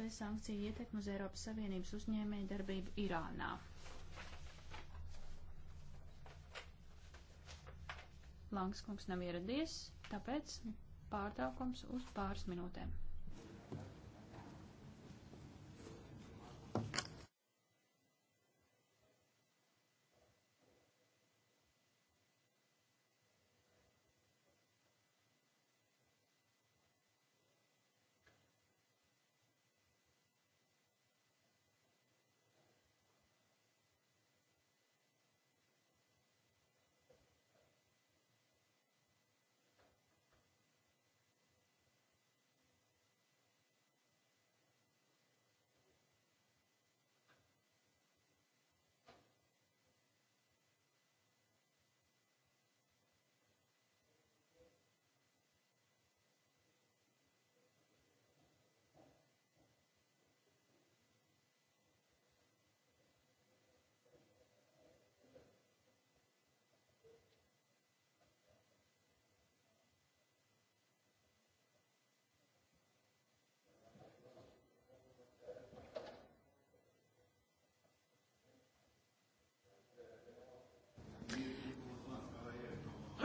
vērts sankciju ietekmu uz Eiropas Savienības uzņēmēju darbību Irānā. Langs kungs nav ieradies, tāpēc pārtraukums uz pāris minūtēm.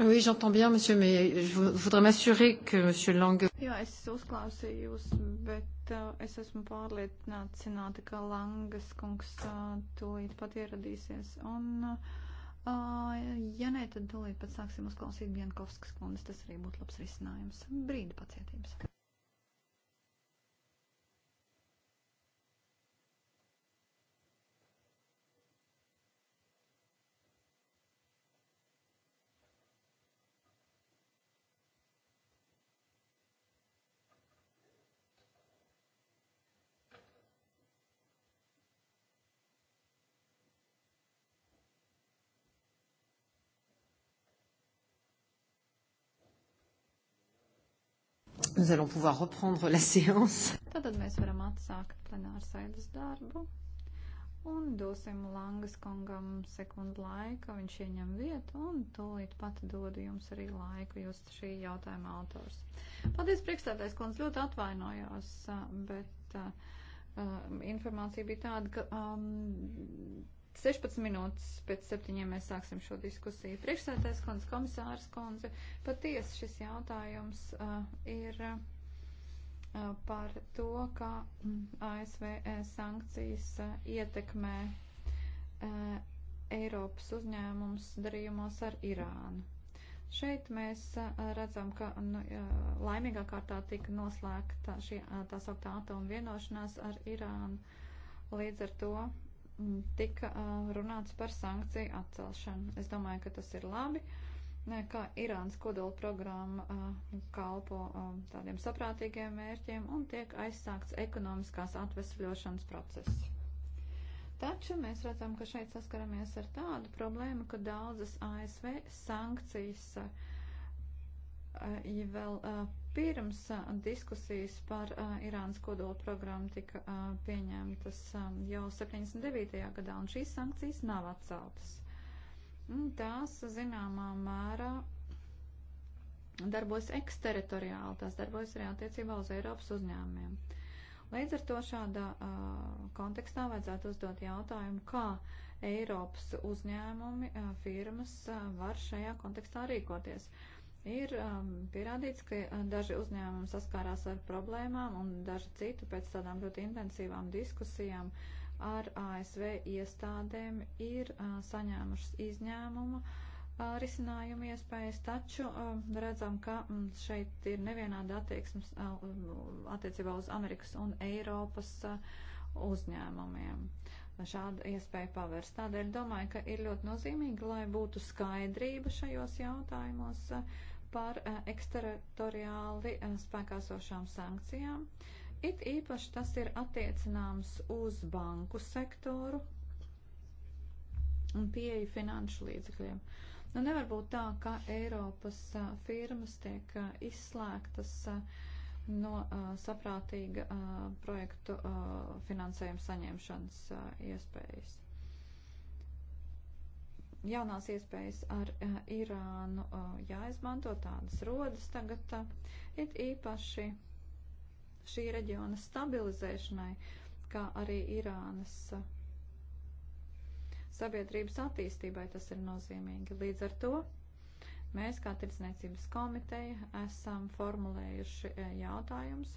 Oui, j'entends bien, monsieur, mais je voudrais m'assurer que monsieur Lange. Jā, es uzklausīju jūs, bet uh, es esmu pārliecināta, ka Langas kungs uh, tūlīt pat ieradīsies. Un, uh, uh, ja nē, tad tūlīt pat sāksim uzklausīt Bienkovskas kundas. Tas arī būtu labs risinājums. Brīdi pacietības. Nous allons pouvoir reprendre la séance. Tātad mēs varam atsākt plenāru sēdes darbu un dosim Langas kungam sekundu laika, viņš ieņem vietu un tūlīt pat dodu jums arī laiku, jūs šī jautājuma autors. Paldies, priekšstādājs kundz, ļoti atvainojos, bet uh, uh, informācija bija tāda, ka. Um, 16 minūtes pēc septiņiem mēs sāksim šo diskusiju. Priekšsētājs kundze, komisārs kundze, patiesi šis jautājums uh, ir uh, par to, kā mm, ASV uh, sankcijas uh, ietekmē uh, Eiropas uzņēmums darījumos ar Irānu. Šeit mēs uh, redzam, ka nu, uh, laimīgā kārtā tika noslēgta šī tā sauktā atoma vienošanās ar Irānu. Līdz ar to Mm, tika runāts par sankciju atcelšanu. Es domāju, ka tas ir labi, kā Irānas kodola programma kalpo tādiem saprātīgiem mērķiem un tiek aizsākts ekonomiskās atvesļošanas process. Taču mēs redzam, ka šeit saskaramies ar tādu problēmu, ka daudzas ASV sankcijas ja vēl Pirms diskusijas par Irānas kodola programmu tika pieņemtas jau 79. gadā, un šīs sankcijas nav atceltas. Tās zināmā mērā darbojas eksteritoriāli, tās darbojas arī attiecībā uz Eiropas uzņēmumiem. Līdz ar to šādā uh, kontekstā vajadzētu uzdot jautājumu, kā Eiropas uzņēmumi, uh, firmas uh, var šajā kontekstā rīkoties. Uh, Ir um, pierādīts, ka uh, daži uzņēmumi saskārās ar problēmām un daži citu pēc tādām ļoti intensīvām diskusijām ar ASV iestādēm ir uh, saņēmušas izņēmumu uh, risinājumu iespējas, taču uh, redzam, ka um, šeit ir nevienāda attieksmes uh, mm, attiecībā uz Amerikas un Eiropas uh, uzņēmumiem. Uh, šādu iespēju pavērst. Tādēļ domāju, ka ir ļoti nozīmīgi, lai būtu skaidrība šajos jautājumos. Uh, par eh, eksteritoriāli eh, spēkāsošām sankcijām. It īpaši tas ir attiecināms uz banku sektoru un pieeju finanšu līdzekļiem. Nu, nevar būt tā, ka Eiropas eh, firmas tiek izslēgtas no saprātīga projektu finansējuma saņemšanas iespējas jaunās iespējas ar uh, Irānu uh, jāizmanto, tādas rodas tagad, uh, it īpaši šī reģiona stabilizēšanai, kā arī Irānas uh, sabiedrības attīstībai tas ir nozīmīgi. Līdz ar to mēs, kā tirdzniecības komiteja, esam formulējuši uh, jautājumus,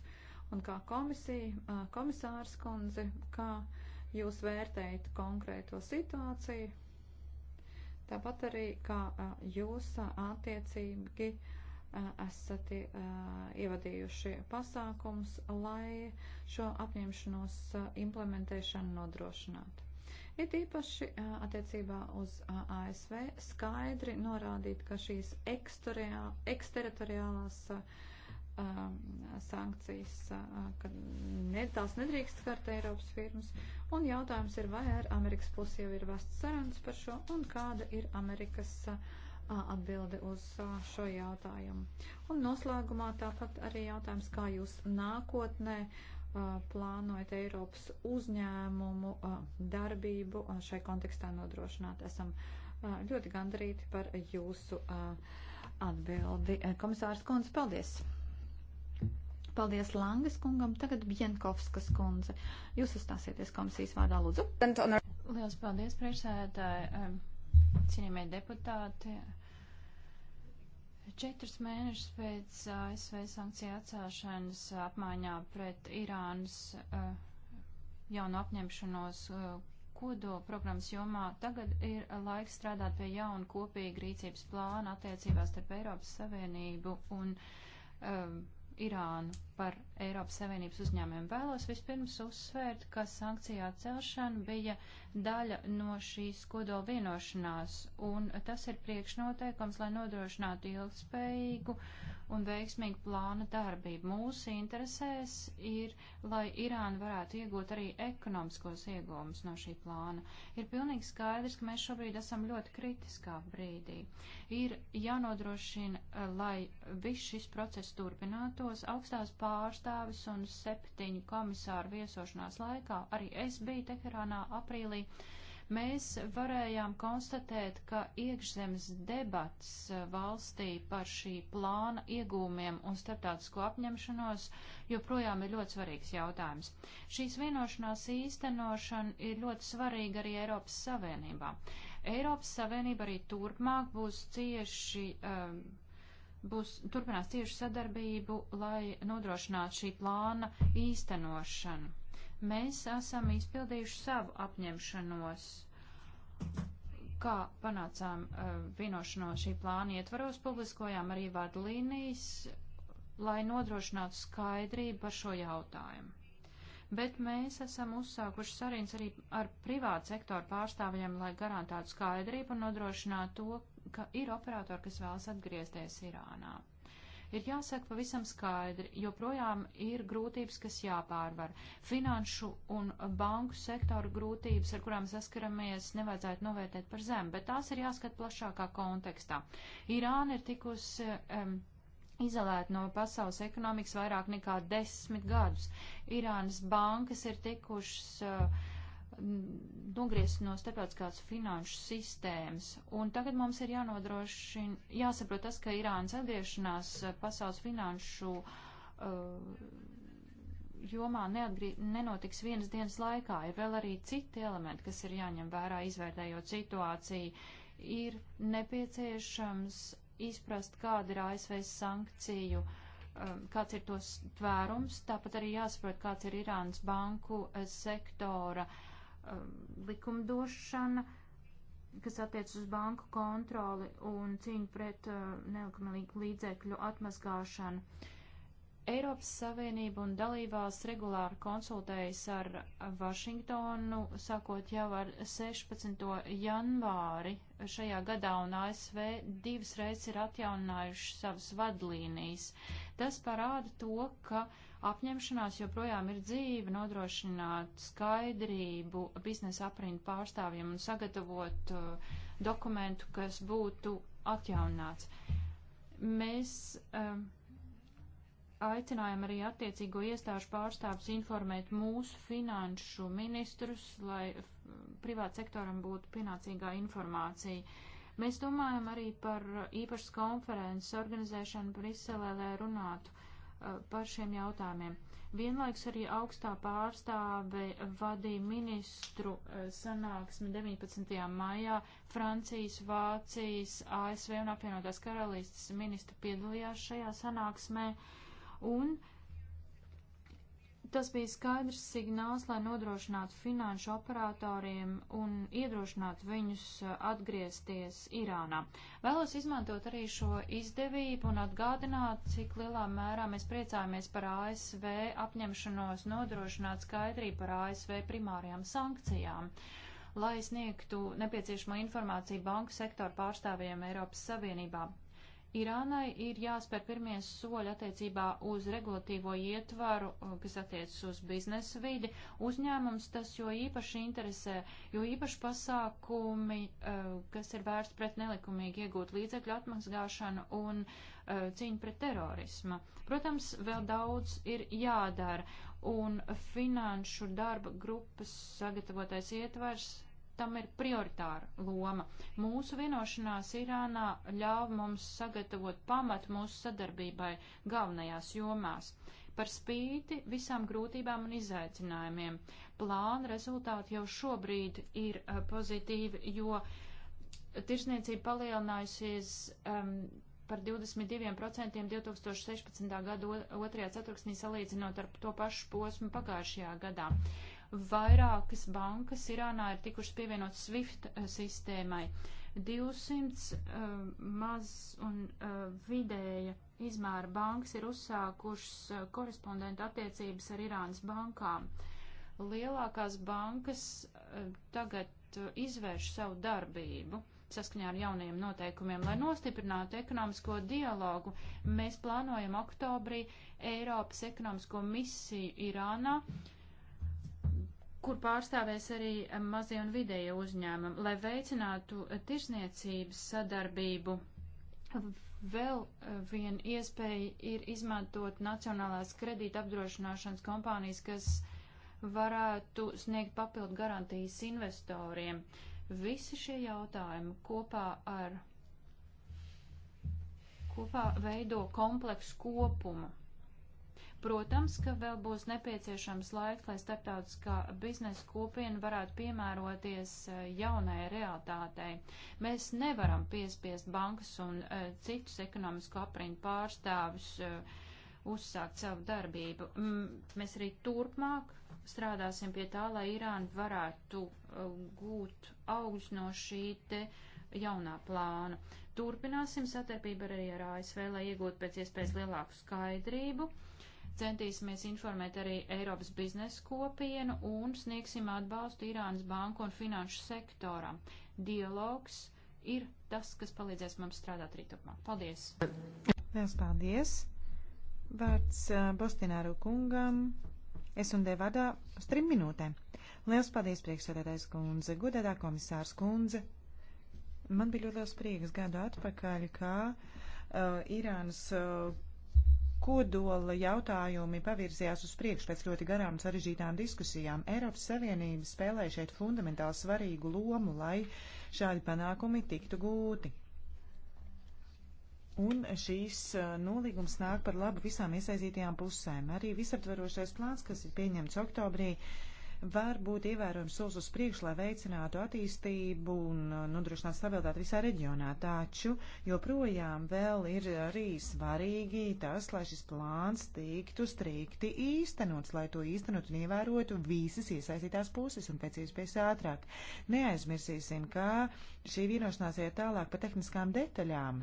un kā komisija, uh, komisārs kundze, kā jūs vērtējat konkrēto situāciju Tāpat arī, kā jūs attiecīgi esat ievadījuši pasākums, lai šo apņemšanos implementēšanu nodrošinātu. It īpaši attiecībā uz ASV skaidri norādīt, ka šīs eksteritoriālās. Eksteritoriālās Um, sankcijas, uh, ka ne, tās nedrīkst skart Eiropas firmas. Un jautājums ir, vai ar Amerikas pusi jau ir vests sarunas par šo un kāda ir Amerikas uh, atbilde uz uh, šo jautājumu. Un noslēgumā tāpat arī jautājums, kā jūs nākotnē plānojat Eiropas uzņēmumu darbību šai kontekstā nodrošināt. Esam ļoti gandarīti par jūsu atbildi. Komisārs Kundze, paldies! Paldies Langas kungam, tagad Bjenkovskas kundze. Jūs uzstāsieties komisijas vārdā, lūdzu. Lielas paldies, priekšsēdētāji, um, cienījamie deputāti. Četrus mēnešus pēc uh, ASV sankciju atcelšanas apmaiņā pret Irānas uh, jaunu apņemšanos uh, kodola programmas jomā tagad ir laiks strādāt pie jauna kopīga rīcības plāna attiecībās starp Eiropas Savienību un um, Irānu par Eiropas Savienības uzņēmumiem. Vēlos vispirms uzsvērt, ka sankcijā celšana bija daļa no šīs kodola vienošanās, un tas ir priekšnoteikums, lai nodrošinātu ilgspējīgu uh, un veiksmīgu plāna darbību. Mūsu interesēs ir, lai Irāna varētu iegūt arī ekonomiskos iegūmus no šī plāna. Ir pilnīgi skaidrs, ka mēs šobrīd esam ļoti kritiskā brīdī. Ir jānodrošina, eh, lai viss šis process turpinātos augstās pārstāvis un septiņu komisāru viesošanās laikā. Arī es biju Teherānā aprīlī. Uh, mēs varējām konstatēt, ka iekšzemes debats eh, valstī par šī plāna iegūmiem un starptautisko apņemšanos joprojām ir ļoti svarīgs jautājums. Šīs vienošanās īstenošana ir ļoti svarīga arī Eiropas Savienībā. Eiropas Savienība arī turpmāk būs cieši. Um, Būs, turpinās ciešu sadarbību, lai nodrošinātu šī plāna īstenošanu. Mēs esam izpildījuši savu apņemšanos, kā panācām uh, vienošanos šī plāna ietvaros, publiskojām arī vadlīnijas, lai nodrošinātu skaidrību par šo jautājumu. Bet mēs esam uzsākuši sarīns arī ar privātu sektoru pārstāvjiem, lai garantētu skaidrību un nodrošinātu to, ka ir operatori, kas vēlas atgriezties Irānā. Ir jāsaka pavisam skaidri, jo projām ir grūtības, kas jāpārvar. Finanšu un banku sektoru grūtības, ar kurām saskaramies, nevajadzētu novērtēt par zem, bet tās ir jāskat plašākā kontekstā. Irāna ir tikusi. Um, izolēti no pasaules ekonomikas vairāk nekā desmit gadus. Irānas bankas ir tikušas uh, nogriezt no starptautiskās finanšu sistēmas. Un tagad mums ir jānodrošina, jāsaprot tas, ka Irānas atgriešanās pasaules finanšu uh, jomā neatgrie, nenotiks vienas dienas laikā. Ir vēl arī citi elementi, kas ir jāņem vērā, izvērtējot situāciju. Ir nepieciešams izprast, kāda ir ASV sankciju uh, kāds ir tos tvērums, tāpat arī jāsaprot, kāds ir Irānas banku uh, sektora uh, Um, likumdošana, kas attiec uz banku kontroli un cīņu pret uh, nelikumīgu līdzekļu atmazgāšanu. Eiropas Savienība un dalībās regulāri konsultējas ar Vašingtonu, sākot jau ar 16. janvāri šajā gadā, un ASV divas reizes ir atjauninājuši savas vadlīnijas. Tas parāda to, ka uh, apņemšanās joprojām ir dzīve nodrošināt skaidrību biznesa aprindu pārstāvjiem un sagatavot uh, dokumentu, kas būtu atjaunāts. Mēs uh, um, aicinājām arī attiecīgo iestāžu pārstāvus informēt mūsu finanšu ministrus, lai uh, privāt sektoram būtu pienācīgā informācija. Mēs domājam arī par īpašas konferences organizēšanu Briselē, lai runātu Eh, par šiem jautājumiem. Vienlaiks arī augstā pārstāve vadīja ministru eh, sanāksmi 19. maijā. Francijas, Vācijas, ASV un apvienotās karalistas ministri piedalījās šajā sanāksmē. Un uh, Tas bija skaidrs signāls, lai nodrošinātu finanšu operatoriem un iedrošinātu viņus uh, atgriezties Irānā. Vēlos izmantot arī šo izdevību un atgādināt, cik lielā mērā mēs priecājamies par ASV apņemšanos nodrošināt skaidrību par ASV primārajām sankcijām lai sniegtu nepieciešamo informāciju banku sektoru pārstāvjiem Eiropas Savienībā. Irānai ir jāspēr pirmie soļi attiecībā uz regulatīvo ietvaru, uh, kas attiecas uz biznesa vidi. Uzņēmums tas jo īpaši interesē, jo īpaši pasākumi, uh, kas ir vērsts pret nelikumīgi iegūt līdzekļu atmazgāšanu un uh, cīņu pret terorismu. Protams, vēl daudz ir jādara, un finanšu darba grupas sagatavotais ietvars tam ir prioritāra loma. Mūsu vienošanās Irānā ļāva mums sagatavot pamatu mūsu sadarbībai galvenajās jomās. Par spīti visām grūtībām un izaicinājumiem, plāna rezultāti jau šobrīd ir uh, pozitīvi, jo tirsniecība palielinājusies um, par 22% 2016. gada otrajā ceturksnī salīdzinot ar to pašu posmu pagājušajā gadā. Uh, vairākas bankas Irānā ir tikušas pievienot SWIFT eh, sistēmai. 200 uh, eh, maz un uh, vidēja izmēra bankas ir uzsākušas uh, korespondentu attiecības ar Irānas bankām. Lielākās bankas uh, tagad uh, izvērš savu darbību saskaņā ar jaunajiem noteikumiem, lai nostiprinātu ekonomisko dialogu. Mēs plānojam oktobrī Eiropas ekonomisko misiju Irānā. Uh, kur pārstāvēs arī mazie un vidēja uzņēmumi, lai veicinātu tirsniecības sadarbību. Vēl eh, viena iespēja ir izmantot nacionālās kredīta apdrošināšanas kompānijas, kas varētu sniegt papildu garantijas investoriem. Visi šie jautājumi kopā ar kopā veido kompleksu kopumu. Protams, ka vēl būs nepieciešams laiks, lai starptautiskā biznesa kopiena varētu piemēroties eh, jaunai realitātei. Mēs nevaram piespiest bankas un uh, citus ekonomisko apriņu pārstāvis uh, uzsākt savu darbību. M mēs arī turpmāk strādāsim pie tā, lai Irāna varētu uh, gūt augļus no šī te jaunā plāna. Turpināsim satarbību arī ar ASV, lai iegūtu pēc iespējas lielāku skaidrību. Uh, Centīsimies informēt arī Eiropas biznesa kopienu un sniegsim atbalstu Irānas banku un finanšu sektoram. Dialogs ir tas, kas palīdzēs mums strādāt rītupmā. Paldies! Liels paldies! Vārds Bostināru kungam. Es un Devadā uz trim minūtēm. Liels paldies, priekšsēdētājs kundze, gudētā komisārs kundze. Man bija ļoti liels prieks gadu atpakaļ, kā uh, Irānas uh, kodola jautājumi pavirzījās uz priekšu pēc ļoti garām sarežģītām diskusijām. Eiropas Savienība spēlē šeit fundamentāli svarīgu lomu, lai šādi panākumi tiktu gūti. Un šīs eh, nolīgums nāk par labu visām iesaistītajām pusēm. Arī visaptvarošais plāns, kas ir pieņemts oktobrī, uh, var būt ievērojams solis uz priekšu, lai veicinātu attīstību un uh, nodrošinātu stabilitāti visā reģionā. Taču joprojām vēl ir arī svarīgi tas, lai šis plāns tiktu strikti īstenots, lai to īstenot un ievērotu visas iesaistītās puses un pēc iespējas ātrāk. Neaizmirsīsim, ka šī vienošanās iet tālāk par tehniskām detaļām.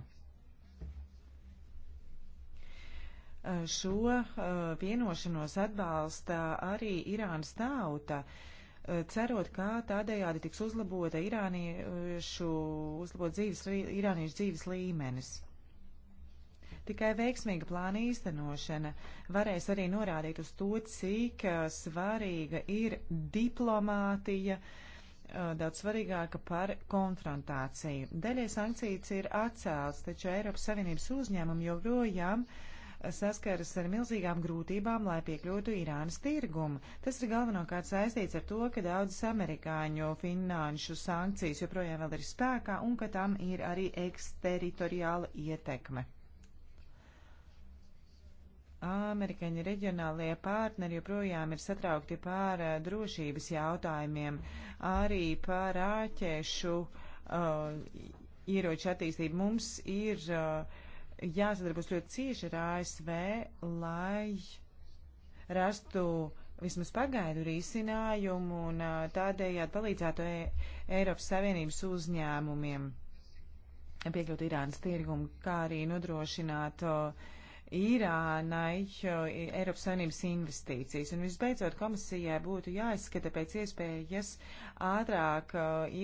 Eh, šo eh, vienošanos atbalsta arī Irānas tauta, eh, cerot, ka tādējādi tiks uzlabota irāniešu, uzlabot dzīves, irāniešu dzīves līmenis. Tikai veiksmīga plāna īstenošana varēs arī norādīt uz to, cik svarīga ir diplomātija, daudz svarīgāka par konfrontāciju. Daļai sankcijas ir atcēlts, taču Eiropas Savienības uzņēmumi joprojām uh, saskaras ar milzīgām grūtībām, lai piekļūtu Irānas tirgumu. Tas ir galvenokārt saistīts ar to, ka daudzas amerikāņu finanšu sankcijas joprojām vēl ir spēkā un ka tam ir arī eksteritoriāla ietekme. Amerikāņu reģionālajie partneri joprojām ir satraukti par uh, drošības jautājumiem, arī par āķēšu uh, eh, ieroču attīstību. Mums ir uh, jāsadarbos ļoti cieši ar ASV, lai rastu vismaz pagaidu risinājumu un tādējādi palīdzētu e Eiropas Savienības uzņēmumiem piekļūt Irānas tirgumu, kā arī nodrošināt Irānai Eiropas Savienības investīcijas. Un visbeidzot, komisijai būtu jāizskata pēc iespējas ātrāk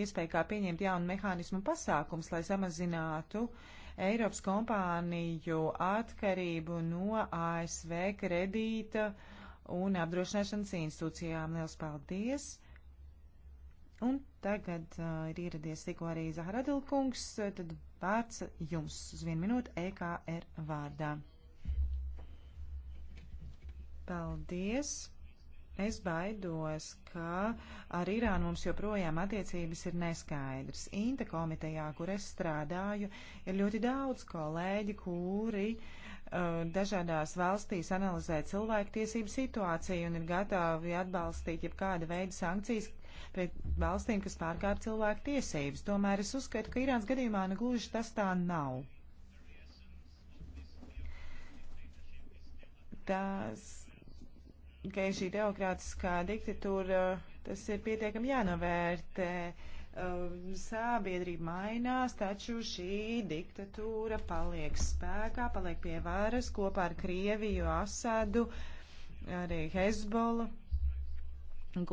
iespēja kā pieņemt jaunu mehānismu pasākums, lai samazinātu uh, Eiropas kompāniju atkarību no ASV kredīta un apdrošināšanas institūcijām. Liels paldies! Un tagad uh, ir ieradies tikko arī Zahradilkungs, uh, tad vārds jums uz vienu minūtu EKR vārdā. Paldies! Es baidos, ka ar Irānu mums joprojām attiecības ir neskaidrs. Inta komitejā, kur es strādāju, ir ļoti daudz kolēģi, kuri uh, dažādās valstīs analizē cilvēktiesību situāciju un ir gatavi atbalstīt jebkāda veida sankcijas pret valstīm, kas pārkāp cilvēku tiesības. Tomēr es uzskatu, ka Irāns gadījumā nu gluži tas tā nav. Tas ka šī teokrātiskā diktatūra, tas ir pietiekami jānovērtē. Um, sabiedrība mainās, taču šī diktatūra paliek spēkā, paliek pie varas kopā ar Krieviju, Asadu, arī Hezbolu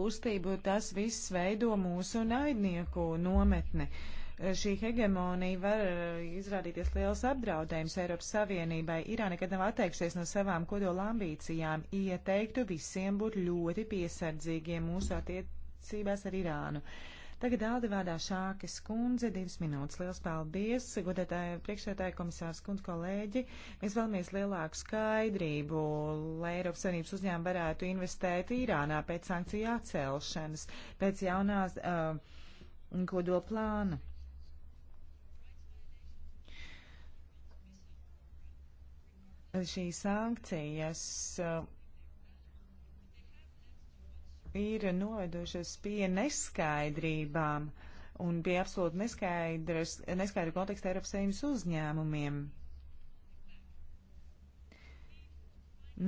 kustību. Tas viss veido mūsu naidnieku nometni. Uh, Eh, šī hegemonija var eh, izrādīties liels apdraudējums Eiropas Savienībai. Irāna nekad nav atteikusies no savām kodola ambīcijām. Ieteiktu visiem būt ļoti piesardzīgiem mūsu attiecībās ar Irānu. Tagad Aldi vārdā Šākas kundze, divas minūtes. Liels paldies, godētāja priekšētāja komisārs kundze, kolēģi. Mēs vēlamies lielāku skaidrību, lai Eiropas Savienības uzņēmumi varētu investēt Irānā pēc sankciju atcelšanas, pēc jaunās uh, kodola plāna. šīs sankcijas uh, ir novedušas pie neskaidrībām un pie absolūti neskaidra konteksta Eiropas Savienības uzņēmumiem.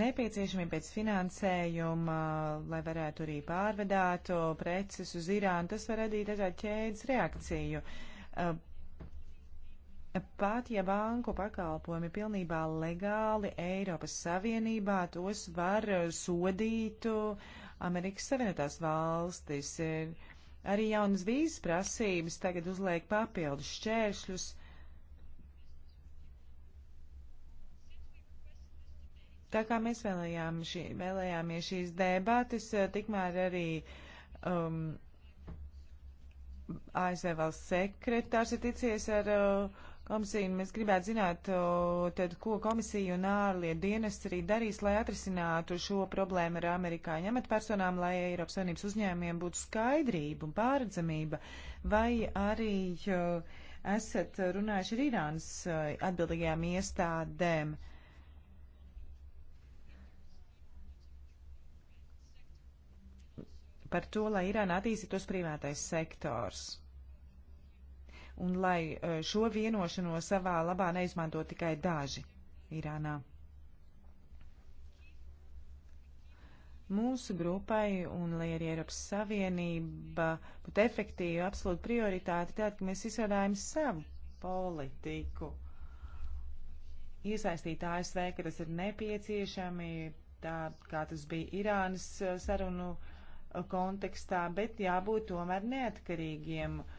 Nepieciešami pēc finansējuma, lai varētu arī pārvedāt preces uz Irānu, tas var radīt dažādu ķēdes reakciju. Uh, Pat ja banku pakalpojumi pilnībā legāli Eiropas Savienībā, tos var eh, sodīt uh, Amerikas Savienotās valstis. Arī jaunas vīzas prasības tagad uzliek papildus šķēršļus. Tā kā mēs vēlējām šī, vēlējāmies šīs debates, eh, tikmēr arī um, ASV valsts sekretārs ir ticies ar uh, Komisija, mēs gribētu zināt, tad, ko komisija un ārlietu dienas arī darīs, lai atrisinātu šo problēmu ar amerikāņu amatpersonām, lai Eiropas Savienības uzņēmiem būtu skaidrība un pārredzamība, vai arī esat runājuši ar Irānas atbildīgajām iestādēm. par to, lai Irāna attīstītos privātais sektors un lai e, šo vienošanos savā labā neizmanto tikai daži Irānā. Mūsu grupai un lai arī Eiropas Savienība būtu efektīva, absolūta prioritāte tāda, ka mēs izstrādājam savu politiku. Iesaistīt ASV, ka tas ir nepieciešami, tā kā tas bija Irānas e, sarunu e, kontekstā, bet jābūt tomēr neatkarīgiem uh,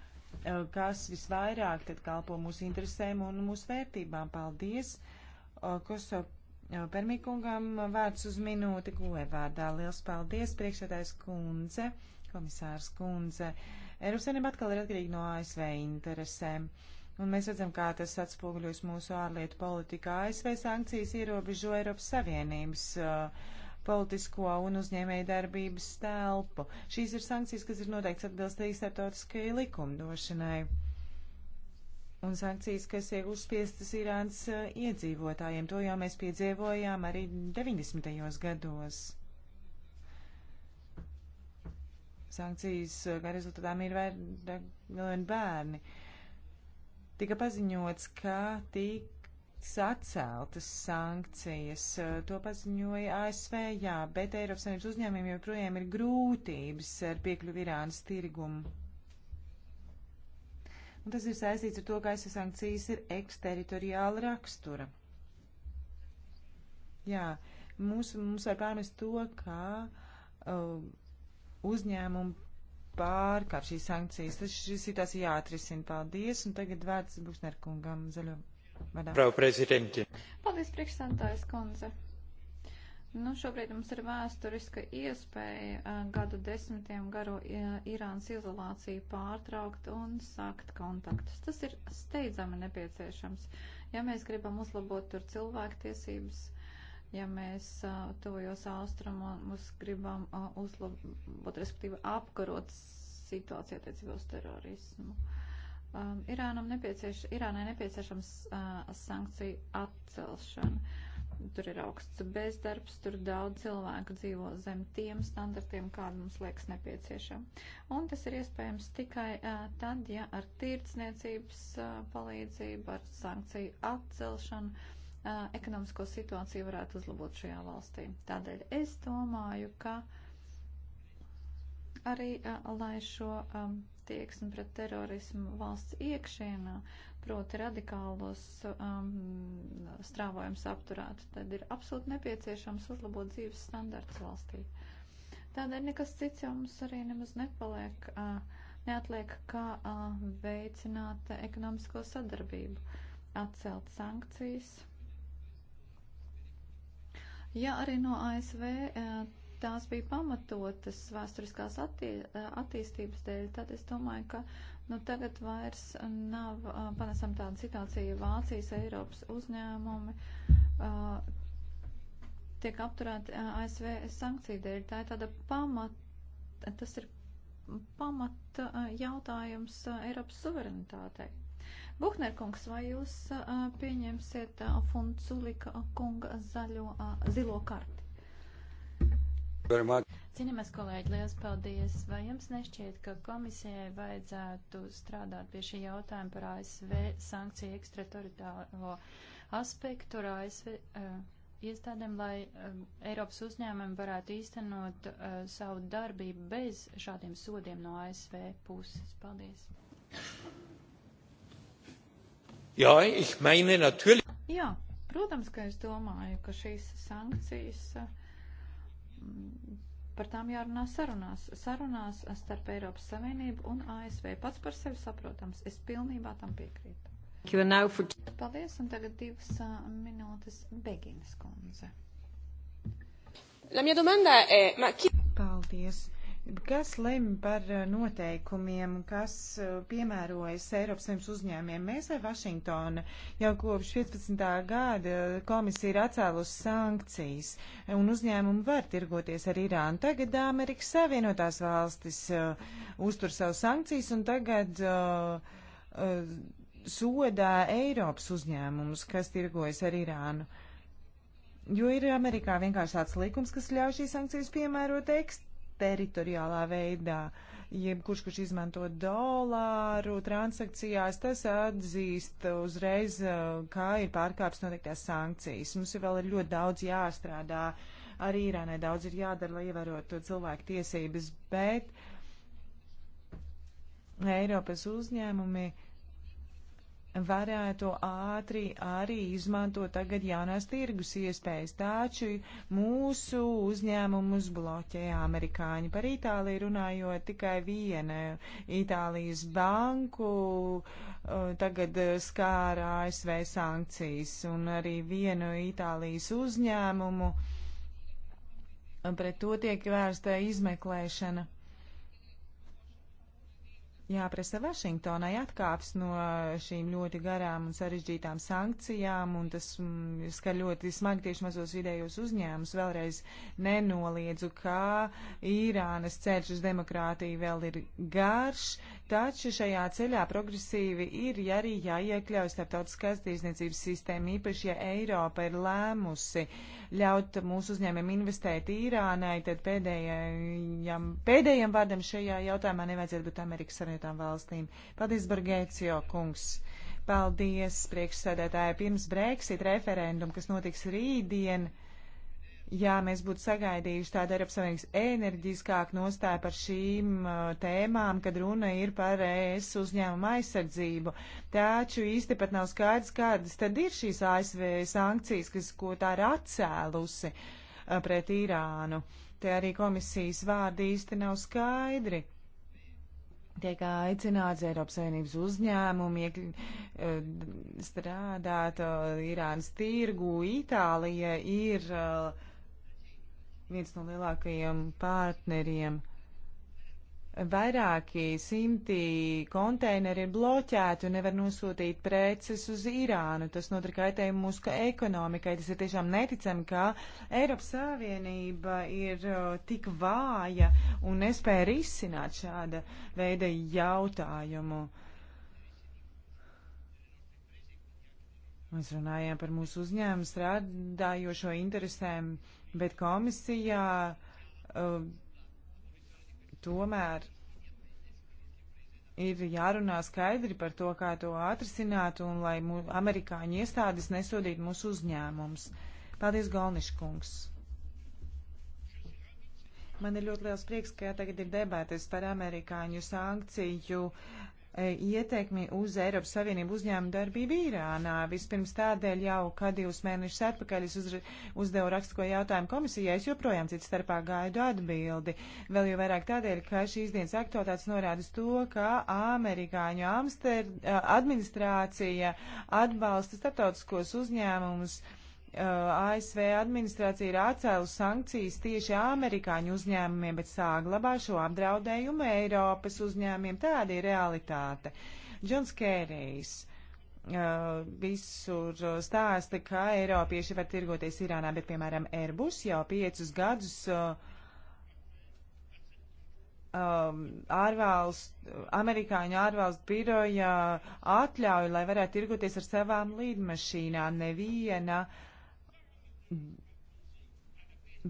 Eh, kas visvairāk tad kalpo mūsu interesēm un mūsu vērtībām. Paldies! Eh, Koso eh, Permikungam vārds uz minūti guevārdā. Liels paldies, priekšsēdājs kundze, komisārs kundze. Eiropas Savienība atkal ir atkarīga no ASV interesēm. Un mēs redzam, kā tas atspoguļojas mūsu ārlietu politikā. ASV sankcijas ierobežo Eiropas Savienības uh, politisko un uzņēmēju darbības telpu. Šīs ir sankcijas, kas ir noteikts atbilstīgi starptautiskajai likumdošanai. Un sankcijas, kas ir uzspiestas Irānas eh, iedzīvotājiem, to jau mēs piedzīvojām arī 90. gados. Sankcijas, eh, kā rezultātām, ir bērni. Tika paziņots, ka tika atceltas sankcijas. To paziņoja ASV, jā, bet Eiropas Savienības uzņēmumiem joprojām ir grūtības ar piekļuvi Irānas tirgumu. Un tas ir saistīts ar to, ka ASV sankcijas ir eksteritoriāla rakstura. Jā, mums, mums vajag pārmest to, ka uh, uzņēmumi pārkāp šīs sankcijas. Tas šī situācija jāatrisina. Paldies, un tagad vērts Bušnerkungam zaļo Frau Prezidentin. Paldies, priekšstādātājs Konze. Nu, šobrīd mums ir vēsturiska iespēja gadu desmitiem garo Irānas izolāciju pārtraukt un sākt kontaktus. Tas ir steidzami nepieciešams. Ja mēs gribam uzlabot tur cilvēktiesības, ja mēs tuvajos austrumos gribam uzlabot, respektīvi apkarot situāciju attiecībā uz terorismu um, Irānam nepiecieš, Irānai nepieciešams uh, sankciju atcelšana. Tur ir augsts bezdarbs, tur daudz cilvēku dzīvo zem tiem standartiem, kādi mums liekas nepieciešami. Un tas ir iespējams tikai uh, tad, ja ar tirdzniecības uh, palīdzību, ar sankciju atcelšanu uh, ekonomisko situāciju varētu uzlabot šajā valstī. Tādēļ es domāju, ka arī, uh, lai šo um, attieksmi pret terorismu valsts iekšienā, proti radikālos um, strāvojums apturētu, tad ir absolūti nepieciešams uzlabot dzīves standarts valstī. Tādēļ nekas cits jau mums arī nemaz nepaliek, uh, neatliek, kā uh, veicināt ekonomisko sadarbību, atcelt sankcijas. Ja arī no ASV uh, tās bija pamatotas vēsturiskās attie, attīstības dēļ, tad es domāju, ka nu, tagad vairs nav panesam tāda situācija Vācijas, Eiropas uzņēmumi. Uh, tiek apturēti ASV sankciju dēļ. Tā ir tāda pamat, tas ir pamat jautājums Eiropas suverenitātei. Buhner kungs, vai jūs pieņemsiet Funculika kunga zaļo, zilo kartu? Cinemas kolēģi, liels paldies! Vai jums nešķiet, ka komisijai vajadzētu strādāt pie šī jautājuma par ASV sankciju ekstrateritoriālo aspektu ar ASV uh, eh, iestādēm, lai um, Eiropas uzņēmumi varētu īstenot uh, savu darbību bez šādiem sodiem no ASV puses? Paldies! Jā, ich meine natürlich. Jā, protams, ka es domāju, ka šīs sankcijas. Uh, par tām jārunā sarunās. Sarunās starp Eiropas Savienību un ASV pats par sevi saprotams. Es pilnībā tam piekrītu. For... Paldies, un tagad divas uh, minūtes Beginas kundze. La mia domanda è, ma chi... Paldies. Kas lemj par eh, noteikumiem, kas eh, piemērojas Eiropas Savienības uzņēmiem? Mēs vai Vašingtona jau kopš 15. gada komisija ir atcēlusi sankcijas, eh, un uzņēmumi var tirgoties ar Irānu. Tagad Amerikas Savienotās valstis uh, uztur savu sankcijas, un tagad uh, uh, sodā Eiropas uzņēmumus, kas tirgojas ar Irānu. Jo ir Amerikā vienkārši tāds likums, kas ļauj šīs sankcijas piemērot ekstremitātiem teritoriālā veidā. Jebkurš, kurš izmanto dolāru transakcijās, tas atzīst uzreiz, kā ir pārkāps noteiktās sankcijas. Mums ir vēl ir ļoti daudz jāstrādā. Arī Irānai daudz ir jādara, lai ievērotu cilvēku tiesības, bet Eiropas uzņēmumi varētu ātri arī izmantot tagad jaunās tirgus iespējas, taču mūsu uzņēmumus bloķē amerikāņi. Par Itāliju runājot tikai viena Itālijas banku uh, tagad uh, skāra ASV sankcijas un arī vienu Itālijas uzņēmumu. Pret to tiek vērsta izmeklēšana jāprasa Vašingtonai atkāps no šīm ļoti garām un sarežģītām sankcijām, un tas mm, skar ļoti smagi tieši mazos vidējos uzņēmumus. Vēlreiz nenoliedzu, ka Īrānas ceļš uz demokrātiju vēl ir garš, Taču šajā ceļā progresīvi ir ja arī jāiekļauj starptautiskās tirzniecības sistēma, īpaši, ja Eiropa ir lēmusi ļaut mūsu uzņēmumiem investēt Irānai, tad pēdējam, pēdējam vārdam šajā jautājumā nevajadzētu būt Amerikas Savienotām valstīm. Paldies, Bargēcijo kungs! Paldies, priekšsēdētāji, pirms Brexit referendumu, kas notiks rītdien. Jā, mēs būtu sagaidījuši tādu Eiropas Savienības enerģiskāku nostāju par šīm uh, tēmām, kad runa ir par ES uzņēmumu aizsardzību. Taču īsti pat nav skaidrs, kādas tad ir šīs ASV sankcijas, kas, ko tā ir atcēlusi uh, pret Irānu. Te arī komisijas vārdi īsti nav skaidri. Tiek aicināts Eiropas Savienības uzņēmumi iek, uh, strādāt uh, Irānas tirgu. Itālija ir uh, viens no lielākajiem partneriem. Vairāki simti konteineri ir bloķēti un nevar nosūtīt preces uz Irānu. Tas nodara kaitējumu mūsu ekonomikai. Tas ir tiešām neticami, ka Eiropas Savienība ir tik vāja un nespēja risināt šāda veida jautājumu. Mēs runājām par mūsu uzņēmumu strādājošo interesēm bet komisijā uh, tomēr ir jārunā skaidri par to, kā to atrisināt, un lai mū, amerikāņu iestādes nesodītu mūsu uzņēmumus. Paldies, Galniškungs! Man ir ļoti liels prieks, ka tagad ir debates par amerikāņu sankciju E, ietekmi uz Eiropas Savienību uzņēmumu darbību Irānā. Vispirms tādēļ jau, kad divus mēnešus atpakaļ es uz, uzdevu rakstisko jautājumu komisijai, es joprojām cits starpā gaidu atbildi. Vēl jau vairāk tādēļ, ka šīs dienas aktualitātes norāda uz to, ka amerikāņu Amster, administrācija atbalsta starptautiskos uzņēmumus Uh, ASV administrācija ir atcēlusi sankcijas tieši amerikāņu uzņēmumiem, bet sāglabā šo apdraudējumu Eiropas uzņēmumiem. Tāda ir realitāte. Džons Kērijs uh, visur stāsta, ka Eiropieši var tirgoties Irānā, bet, piemēram, Airbus jau piecus gadus uh, um, ārvalstu, amerikāņu ārvalstu biroja atļauju, lai varētu tirgoties ar savām līdmašīnām. Neviena uh,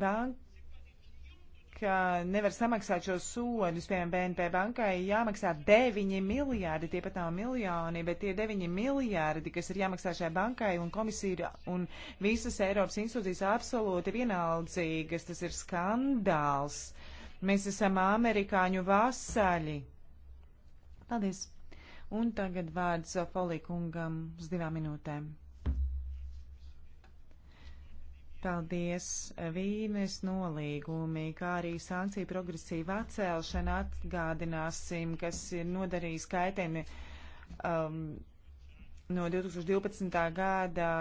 banka nevar samaksāt šos soļus, piemēram, BNP bankai jāmaksā 9 miljārdi, tie pat nav miljoni, bet tie 9 miljārdi, kas ir jāmaksā šai bankai un komisija un visas Eiropas institūcijas absolūti vienaldzīgas, tas ir skandāls. Mēs esam amerikāņu vasaļi. Paldies! Un tagad vārds Folī kungam uz divām minūtēm. Paldies! Vīnes nolīgumi, kā arī sankciju progresīva atcelšana atgādināsim, kas ir nodarījis kaiteni um, no 2012. gada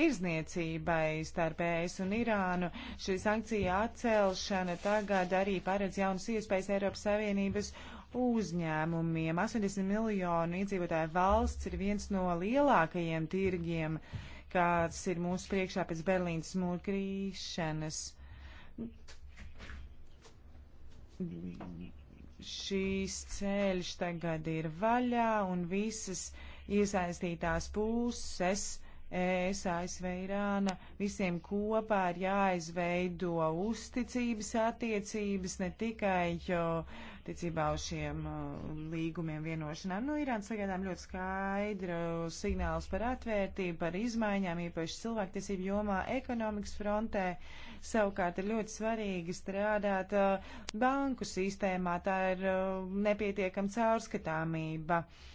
tirzniecībai starp ES un Irānu. Šī sankcija atcelšana tagad arī paredz jaunas iespējas Eiropas Savienības uzņēmumiem. 80 miljonu iedzīvotāju valsts ir viens no lielākajiem tirgiem. Uh, kāds ir mūsu priekšā pēc Berlīnas mūra krīšanas. Šīs ceļš tagad ir vaļā un visas iesaistītās puses, es, ASV, Irāna, visiem kopā ir jāizveido uzticības attiecības ne tikai jau uh, ticībā uz šiem uh, līgumiem vienošanām. Nu, Irāns sagaidām ļoti skaidru signālus par atvērtību, par izmaiņām, īpaši cilvēktiesību jomā, ekonomikas frontē. Savukārt ir ļoti svarīgi strādāt uh, banku sistēmā, tā ir uh, nepietiekama caurskatāmība. Uh,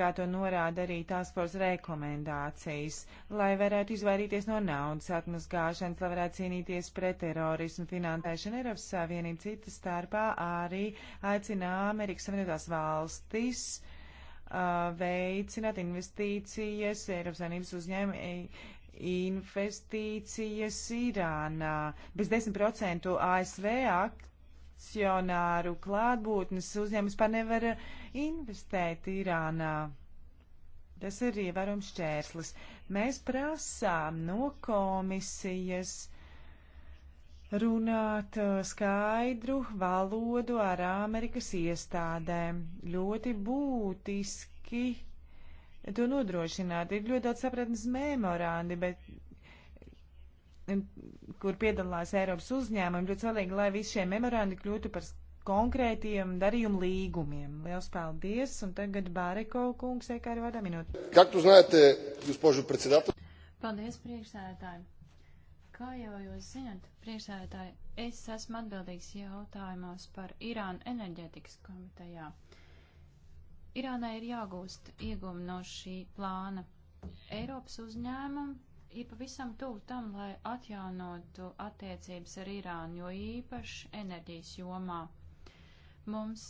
kā to norāda arī tāsfors rekomendācijas, lai varētu izvairīties no naudas atmazgāšanas, lai varētu cīnīties pret terorismu finansēšanu Eiropas Savienību. Cita starpā arī aicina Amerikas Savienotās valstis uh, veicināt investīcijas Eiropas Savienības uzņēmumu investīcijas Irānā. Bez 10% ASV akt akcionāru klātbūtnes uzņēmums par nevar investēt Irānā. Tas ir ievērums šķērslis. Mēs prasām no komisijas runāt uh, skaidru valodu ar Amerikas iestādēm. Ļoti būtiski to nodrošināt. Ir ļoti daudz sapratnes memorandi, bet kur piedalās Eiropas uzņēmumi, ļoti svarīgi, lai visi šie memorandi kļūtu par konkrētiem darījumu līgumiem. Liels paldies, un tagad Bāreko kungs, ekāri vārdā minūte. Kā tu zināt, jūs požu predsedātu? Paldies, priekšsēdētāji. Kā jau jūs zināt, priekšsēdētāji, es esmu atbildīgs jautājumos par Irānu enerģetikas komitejā. Irānai ir jāgūst iegumi no šī plāna. Eiropas uzņēmumi ir pavisam tuvu tam, lai atjaunotu attiecības ar Irānu, jo īpaši enerģijas jomā. Mums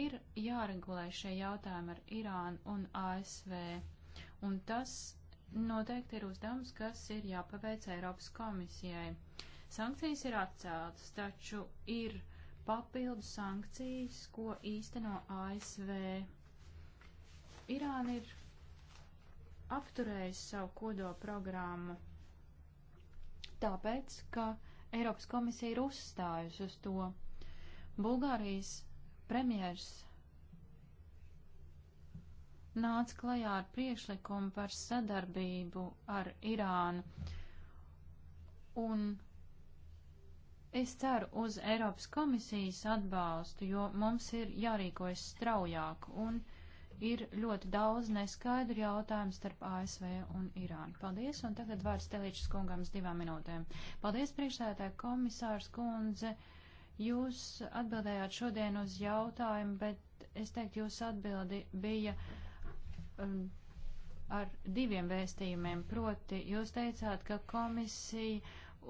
ir jāregulē šie jautājumi ar Irānu un ASV, un tas noteikti ir uzdevums, kas ir jāpaveic Eiropas komisijai. Sankcijas ir atceltas, taču ir papildu sankcijas, ko īsteno ASV. Irāna ir apturējis savu kodola programmu, tāpēc, ka Eiropas komisija ir uzstājusi uz to. Bulgārijas premjers nāca klajā ar priekšlikumu par sadarbību ar Irānu, un es ceru uz Eiropas komisijas atbalstu, jo mums ir jārīkojas straujāk, un ir ļoti daudz neskaidru jautājumu starp ASV un Irānu. Paldies, un tagad vārds Telīčs kungam uz divām minūtēm. Paldies, priekšsētāja komisārs kundze. Jūs atbildējāt šodien uz jautājumu, bet es teiktu, jūsu atbildi bija um, ar diviem vēstījumiem. Proti, jūs teicāt, ka komisija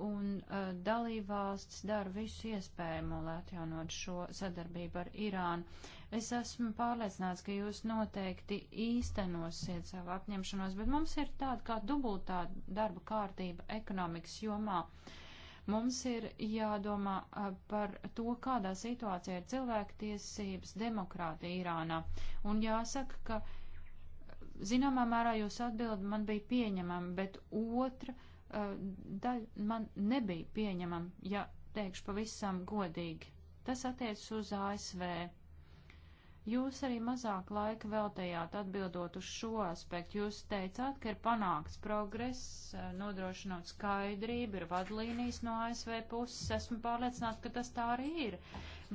un uh, dalībvalsts dara visu iespējamo, lai atjaunot šo sadarbību ar Irānu. Es esmu pārliecināts, ka jūs noteikti īstenosiet savu apņemšanos, bet mums ir tāda kā dubultā darba kārtība ekonomikas jomā. Mums ir jādomā par to, kādā situācijā ir cilvēktiesības demokrātija Irānā. Un jāsaka, ka zināmā mērā jūs atbildi man bija pieņemama, bet otra uh, daļa man nebija pieņemama, ja teikšu pavisam godīgi. Tas attiecas uz ASV. Jūs arī mazāk laika veltējāt atbildot uz šo aspektu. Jūs teicāt, ka ir panākts progress, eh, nodrošinot skaidrību, ir vadlīnijas no ASV puses. Esmu pārliecināts, ka tas tā arī ir.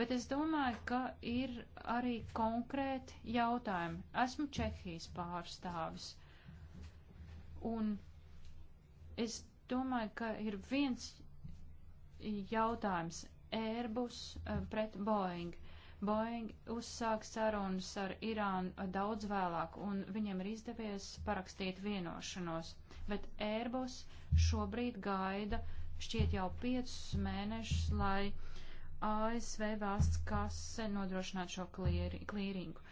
Bet es domāju, ka ir arī konkrēti jautājumi. Esmu Čehijas pārstāvis. Un es domāju, ka ir viens jautājums Airbus eh, pret Boeing. Uh, Boeing uzsāk sarunas ar Irānu daudz vēlāk, un viņiem ir izdevies parakstīt vienošanos. Bet Airbus šobrīd gaida šķiet jau piecus mēnešus, lai ASV valsts kase nodrošinātu šo klīri, klīringu.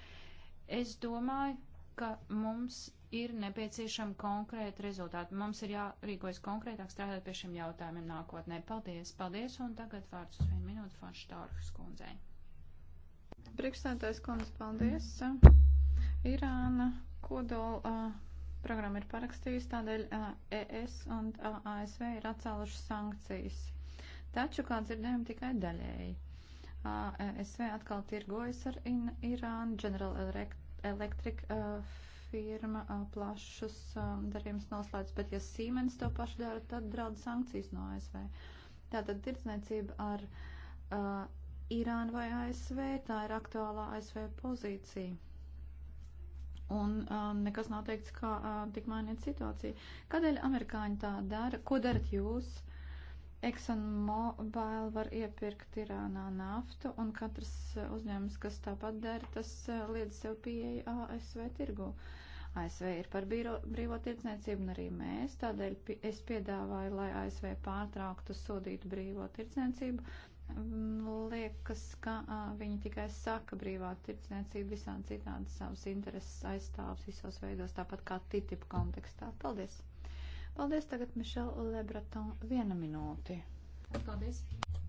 Es domāju, ka mums ir nepieciešama konkrēta rezultāta. Mums ir jārīkojas konkrētāk strādāt pie šiem jautājumiem nākotnē. Paldies, paldies, un tagad vārds uz vienu minūtu Fanštārhas kundzei. Priekšstādājs kundze, paldies. Irāna kodola uh, programma ir parakstījusi, tādēļ uh, ES un uh, ASV ir atcēluši sankcijas. Taču, kā dzirdējām, tikai daļēji. ASV atkal tirgojas ar in, Irānu, General Electric uh, firma uh, plašus um, darījumus noslēdz, bet ja Siemens to pašu dara, tad draud sankcijas no ASV. Tātad tirdzniecība ar uh, Irāna vai ASV, tā ir aktuālā ASV pozīcija. Un uh, nekas nav teikts, kā uh, tik mainiet situāciju. Kādēļ amerikāņi tā dara? Ko darat jūs? ExxonMobil var iepirkt Irānā naftu, un katrs uzņēmums, kas tāpat dara, tas liedz sev pieeja ASV tirgu. ASV ir par bīro, brīvo tirdzniecību, un arī mēs, tādēļ es piedāvāju, lai ASV pārtrauktu sodīt brīvo tirdzniecību, Liekas, ka uh, viņi tikai saka brīvā tirdzniecība visām citādi savas intereses aizstāvs visos veidos, tāpat kā TTIP kontekstā. Paldies! Paldies tagad Mišela Lebraton viena minūti. Paldies!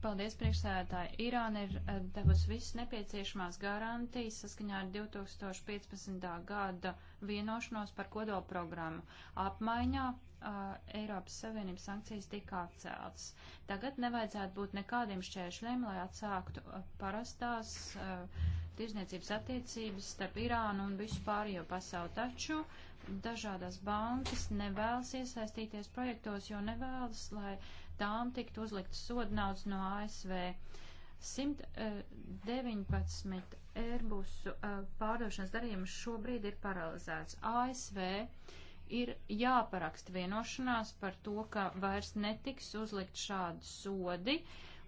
Paldies, priekšsēdētāji. Irāna ir devusi visas nepieciešamās garantijas saskaņā ar 2015. gada vienošanos par kodolprogrammu. Apmaiņā uh, Eiropas Savienības sankcijas tika atceltas. Tagad nevajadzētu būt nekādiem šķēršļiem, lai atsāktu uh, parastās uh, tirzniecības attiecības starp Irānu un visu pārējo pasauli. Taču dažādas bankas nevēlas iesaistīties projektos, jo nevēlas, lai tām tiktu uzlikts sodnauds no ASV. 119 Airbus pārdošanas darījums šobrīd ir paralizēts. ASV uh, ir jāparaksta vienošanās par to, ka vairs netiks uzlikt šādi sodi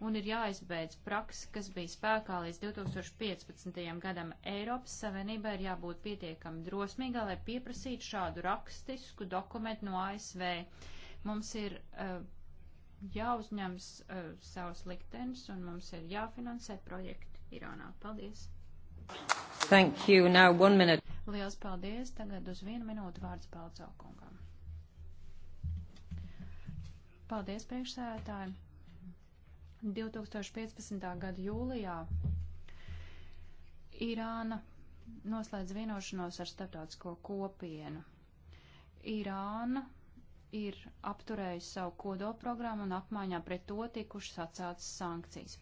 un ir jāizbeidz praksa, kas bija spēkā līdz 2015. gadam. Eiropas Savienībā ir jābūt pietiekami drosmīgā, lai pieprasītu šādu rakstisku dokumentu no ASV. Mums ir uh, jāuzņems uh, savus liktenis un mums ir jāfinansē projekti Irānā. Paldies! Thank you. Now one minute. Liels paldies. Tagad uz vienu minūtu vārds Balcaukungam. Paldies, priekšsēdētāji. 2015. gada jūlijā Irāna noslēdz vienošanos ar starptautisko kopienu. Irāna ir apturējusi savu kodoprogrammu un apmaiņā pret to tikušas atsācis sankcijas.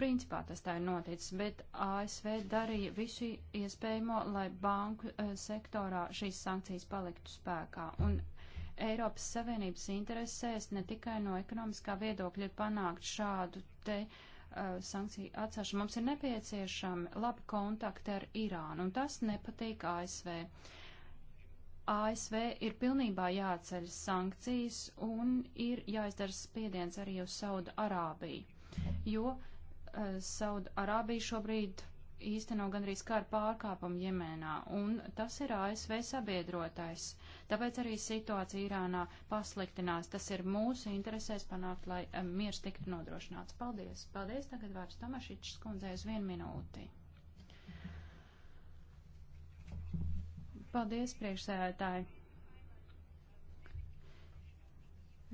Principā tas tā ir noticis, bet ASV darīja visu iespējamo, lai banku eh, sektorā šīs sankcijas paliktu spēkā. Un Eiropas Savienības interesēs ne tikai no ekonomiskā viedokļa ir panākt šādu te uh, sankciju atcelšanu. Mums ir nepieciešami labi kontakti ar Irānu, un tas nepatīk ASV. ASV ir pilnībā jāceļ sankcijas un ir jāizdara spiediens arī uz Sauda Arābiju, jo uh, Eh, Sauda Arābija šobrīd īsteno gandrīz kāru pārkāpumu Jemenā, un tas ir ASV sabiedrotais. Tāpēc arī situācija Irānā pasliktinās. Tas ir mūsu interesēs panākt, lai eh, miers tiktu nodrošināts. Paldies! Paldies! Tagad vārds Tomašičs kundzei uz vienu minūti. Paldies, priekšsēdētāji!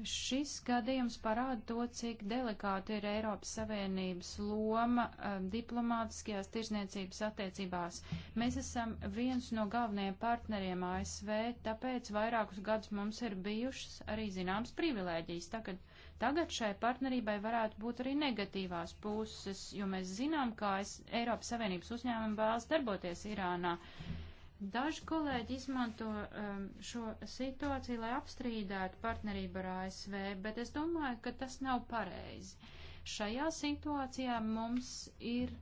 Šis gadījums parāda to, cik delikāta ir Eiropas Savienības loma um, diplomātiskajās tirzniecības attiecībās. Mēs esam viens no galvenajiem partneriem ASV, tāpēc vairākus gadus mums ir bijušas arī zināmas privilēģijas. Tagad, tagad šai partnerībai varētu būt arī negatīvās puses, jo mēs zinām, kā es, Eiropas Savienības uzņēmumi vēlas darboties Irānā. Uh, Daži kolēģi izmanto um, šo situāciju, lai apstrīdētu partnerību ar ASV, bet es domāju, ka tas nav pareizi. Šajā situācijā mums ir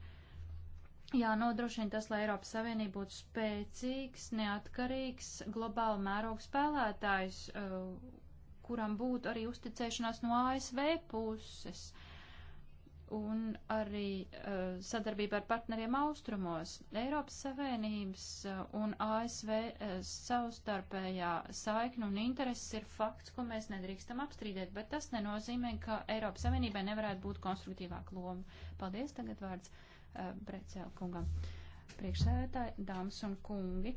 jānodrošina tas, lai Eiropas Savienība būtu spēcīgs, neatkarīgs, globāla mēroga spēlētājs, uh, kuram būtu arī uzticēšanās no ASV puses. Uh, un arī uh, sadarbība ar partneriem austrumos. Eiropas Savienības uh, un ASV uh, savstarpējā saikna un intereses ir fakts, ko mēs nedrīkstam apstrīdēt, bet tas nenozīmē, ka Eiropas Savienībai nevarētu būt konstruktīvāka loma. Paldies, tagad vārds uh, Brecēla kungam. Priekšsēdētāji, dāmas un kungi,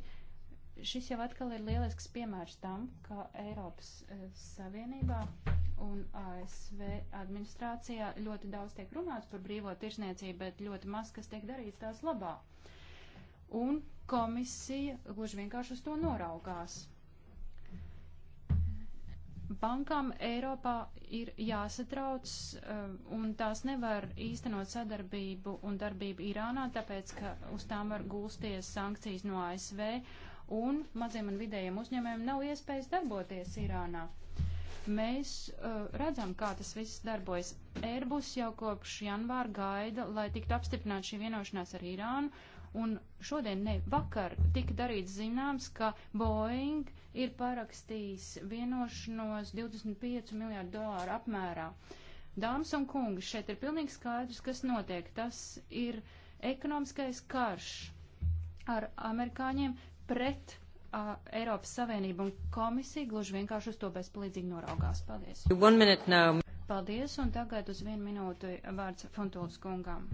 šis jau atkal ir lielisks piemērs tam, ka Eiropas uh, Savienībā un ASV administrācijā ļoti daudz tiek runāts par brīvo tirsniecību, bet ļoti maz, kas tiek darīts tās labā. Un komisija gluži vienkārši uz to noraugās. Bankām Eiropā ir jāsatrauc, eh, un tās nevar īstenot sadarbību un darbību Irānā, tāpēc, ka uz tām var gulsties sankcijas no ASV, un maziem un vidējiem uzņēmējiem nav iespējas darboties Irānā. Uh, Mēs uh, redzam, kā tas viss darbojas. Airbus jau kopš janvāra gaida, lai tiktu apstiprināta šī vienošanās ar Irānu, un šodien, ne vakar, tika darīts zināms, ka Boeing ir parakstījis vienošanos 25 miljārdu dolāru apmērā. Dāmas un kungi, šeit ir pilnīgi skaidrs, kas notiek. Tas ir ekonomiskais karš ar amerikāņiem pret uh, Eiropas Savienība un komisija gluži vienkārši uz to bezpalīdzīgi noraugās. Paldies. Paldies, un tagad uz vienu minūti vārds Fontūlas kungām.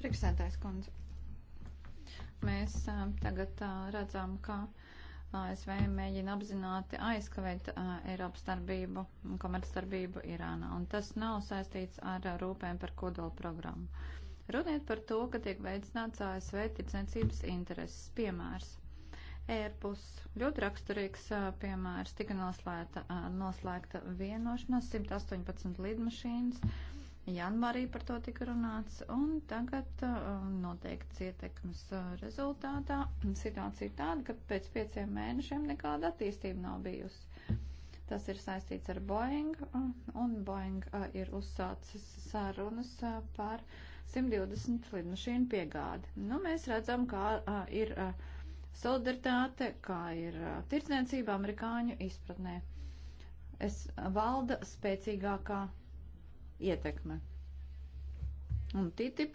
Priekšsētājs kundze. Mēs uh, tagad uh, redzam, ka ASV mēģina apzināti aizkavēt uh, Eiropas darbību un komercdarbību Irānā, un tas nav saistīts ar uh, rūpēm par kodola programmu. Runiet par to, ka tiek veicināts ASV ticniecības intereses piemērs. Airbus ļoti raksturīgs piemērs tika noslēgta, noslēgta vienošanās 118 lidmašīnas. Janvārī par to tika runāts, un tagad noteikts ietekmes rezultātā situācija ir tāda, ka pēc pieciem mēnešiem nekāda attīstība nav bijusi. Tas ir saistīts ar Boeing, un Boeing ir uzsācis sarunas par 120 lidmašīnu piegādi. Nu, mēs redzam, kā ir. A, solidaritāte, kā ir uh, tirdzniecība amerikāņu izpratnē. Es valda spēcīgākā ietekme. Un TTIP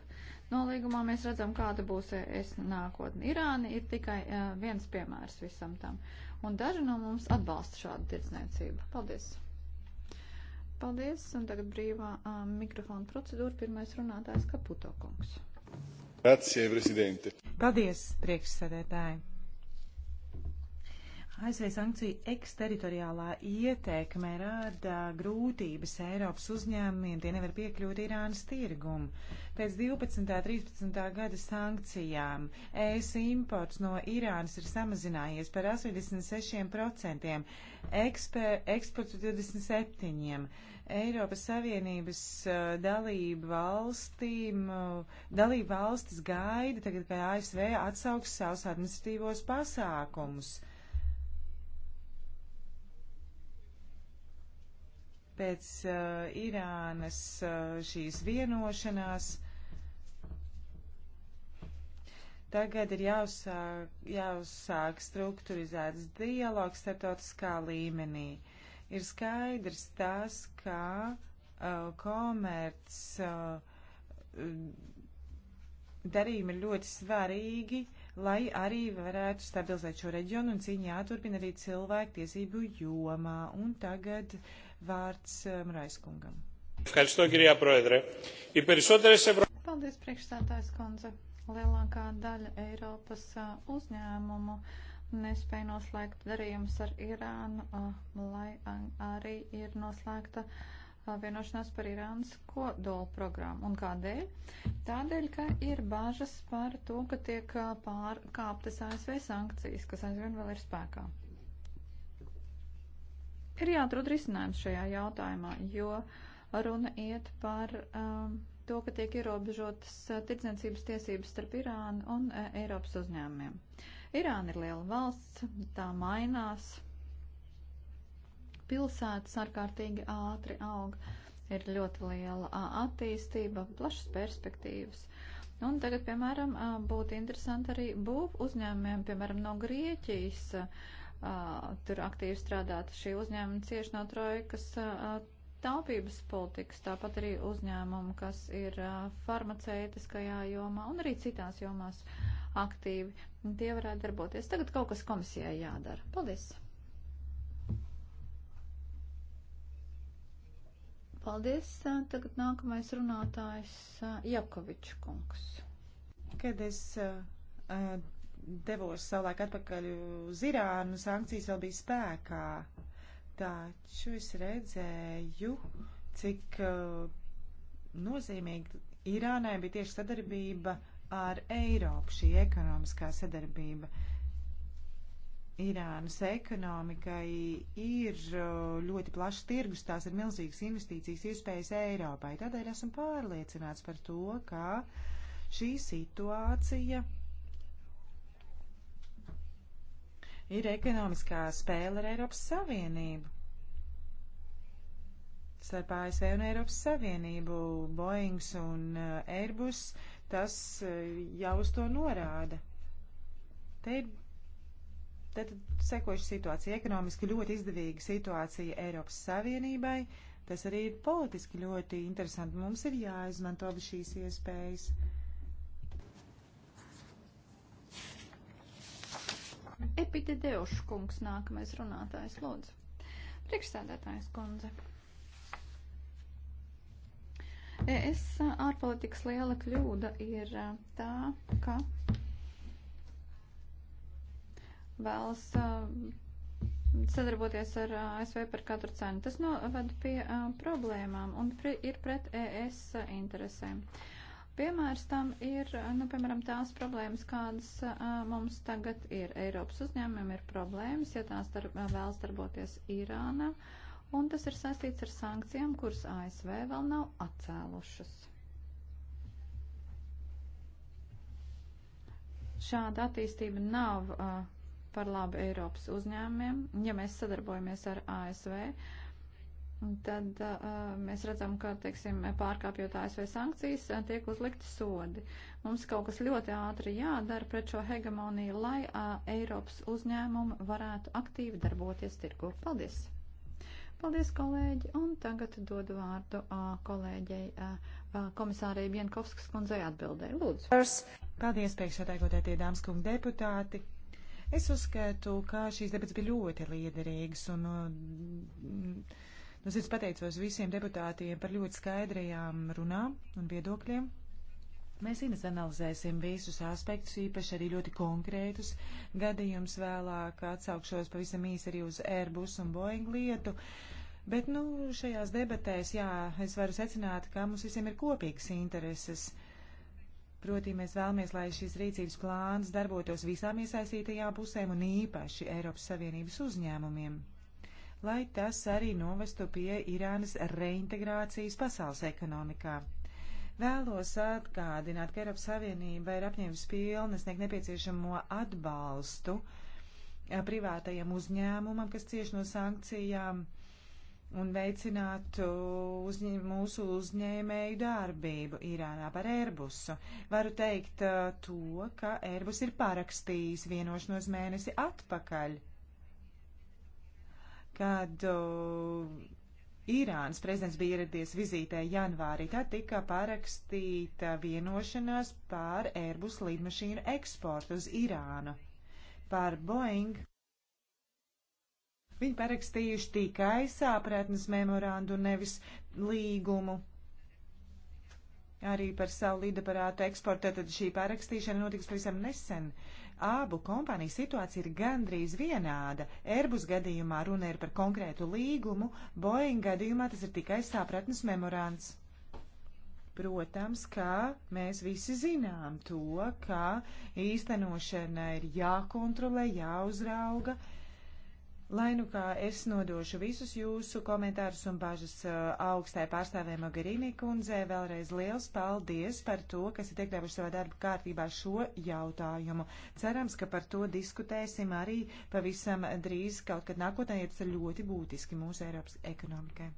nolīgumā mēs redzam, kāda būs es nākotne. Irāna ir tikai uh, viens piemērs visam tam. Un daži no mums atbalsta šādu tirdzniecību. Paldies! Paldies! Un tagad brīvā uh, mikrofona procedūra. Pirmais runātājs Kaputo kungs. Grazie, prezidente. Paldies, priekšsēdētāji. ASV sankciju eksteritoriālā ietekme rada grūtības Eiropas uzņēmumiem, tie nevar piekļūt Irānas tirgumu. Pēc 12. un 13. gada sankcijām ES imports no Irānas ir samazinājies par 86%, ekspor, eksports 27%. Eiropas Savienības dalību valstīm, dalību valstis gaida tagad, ka ASV atsauks savus administratīvos pasākumus. Pēc uh, Irānas uh, šīs vienošanās tagad ir jāuzsāk, jāuzsāk strukturizēts dialogs starptautiskā līmenī. Uh, Ir skaidrs tas, ka uh, komerc uh, darījumi ir ļoti svarīgi, lai arī varētu stabilizēt šo reģionu un cīņā jāturpina arī cilvēku tiesību jomā. Un tagad vārds Mraiskungam. Paldies, priekšstādājs kundze. Lielākā daļa Eiropas uzņēmumu uh, nespēja noslēgt darījumus ar Irānu, lai arī ir noslēgta vienošanās par Irānas kodolu programmu. Un kādēļ? Tādēļ, ka ir bažas par to, ka tiek pārkāptas ASV sankcijas, kas aizvien vēl ir spēkā. Ir jāatrod risinājums šajā jautājumā, jo runa iet par um, to, ka tiek ierobežotas tirdzniecības tiesības starp Irānu un uh, Eiropas uzņēmumiem. Uh, Irāna ir liela valsts, tā mainās. Pilsētas ārkārtīgi ātri aug, ir ļoti liela attīstība, plašas perspektīvas. Un tagad, piemēram, būtu interesanti arī būv uzņēmumiem, piemēram, no Grieķijas. Tur aktīvi strādāt šī uzņēmuma cieši no trojkas taupības politikas, tāpat arī uzņēmumu, kas ir farmaceitiskajā jomā un arī citās jomās aktīvi. Un tie varētu darboties. Tagad kaut kas komisijai jādara. Paldies! Paldies! Tagad nākamais runātājs eh, Jakovičs kungs. Kad es uh, devos savulaik atpakaļ uz Irānu, sankcijas vēl bija spēkā. Taču es redzēju, cik uh, nozīmīgi Irānai bija tieši sadarbība uh, ar Eiropu šī ekonomiskā sadarbība. Irānas ekonomikai ir ļoti plašs tirgus, tās ir milzīgas investīcijas iespējas Eiropai. Tādēļ esmu pārliecināts par to, ka šī situācija ir ekonomiskā spēle ar Eiropas Savienību. Starp ASV un Eiropas Savienību Boeings un Airbus uh, Tas e, jau uz to norāda. Te ir tad sekojuša situācija, ekonomiski ļoti izdevīga situācija Eiropas Savienībai. Tas arī ir politiski ļoti interesanti. Mums ir jāizmanto abi šīs iespējas. Epidēdeušu kungs nākamais runātājs lūdzu. Priekšsēdētājs kundze. ES ārpolitikas liela kļūda ir tā, ka vēlas sadarboties ar ASV par katru cenu. Tas noved pie uh, problēmām un pri, ir pret ES interesēm. Piemērs tam ir, nu, piemēram, tās problēmas, kādas uh, mums tagad ir. Eiropas uzņēmumiem ir problēmas, ja tās dar, vēlas darboties Irānā. Uh, un tas ir saistīts ar sankcijām, kuras ASV vēl nav atcēlušas. Šāda attīstība nav uh, par labu Eiropas uzņēmumiem. Ja mēs sadarbojamies ar ASV, tad uh, mēs redzam, ka, teiksim, pārkāpjot ASV sankcijas, uh, tiek uzlikti sodi. Mums kaut kas ļoti ātri jādara pret šo hegemoniju, lai uh, Eiropas uzņēmumi varētu aktīvi darboties tirgu. Paldies! Paldies, kolēģi, un tagad dodu vārdu kolēģei komisārei Bienkovskas kundzei atbildēji. Lūdzu. Paldies, priekšsēdētājie dāmas kungi deputāti. Es uzskatu, ka šīs debats bija ļoti liederīgas un. Mm, Nu, es pateicos visiem deputātiem par ļoti skaidrajām runām un viedokļiem. Mēs analizēsim visus aspektus, īpaši arī ļoti konkrētus gadījumus vēlāk. Atsaukšos pavisam īsi arī uz Airbus un Boeing lietu. Uh, Bet, nu, šajās debatēs, jā, es varu secināt, ka mums visiem ir kopīgs intereses. Proti, mēs vēlamies, lai šis rīcības plāns darbotos visām iesaistītajām pusēm un īpaši Eiropas Savienības uzņēmumiem, lai tas arī novestu pie Irānas reintegrācijas pasaules ekonomikā. Vēlos atgādināt, ka Eiropas Savienība ir apņēmis pilnas sniegt nepieciešamo atbalstu privātajam uzņēmumam, kas cieši no sankcijām un veicināt uh, uzņē, mūsu uzņēmēju darbību Irānā par Airbusu. Varu teikt uh, to, ka Airbus ir parakstījis vienošanos mēnesi atpakaļ, kad uh, Irānas prezidents bija ieradies vizītē janvārī. Tā tika parakstīta vienošanās par Airbus lidmašīnu eksportu uz Irānu. Par Boeing Viņi parakstījuši tikai sāpratnes memorandu, nevis līgumu. Arī par savu lidaparātu eksportu, tad šī parakstīšana notiks pavisam nesen. Abu kompāniju situācija ir gandrīz vienāda. Airbus gadījumā runa ir par konkrētu līgumu, Boeing gadījumā tas ir tikai sāpratnes memorands. Protams, ka mēs visi zinām to, ka īstenošana ir jākontrolē, jāuzrauga. Uh, Lai nu kā es nodošu visus jūsu komentārus un bažas uh, augstai pārstāvē Mogherini kundzē, vēlreiz liels paldies par to, kas ir iekļāvuši savā darba kārtībā šo jautājumu. Cerams, ka par to diskutēsim arī pavisam drīz, kaut kad nākotnē, jo tas ir ļoti būtiski mūsu Eiropas ekonomikai.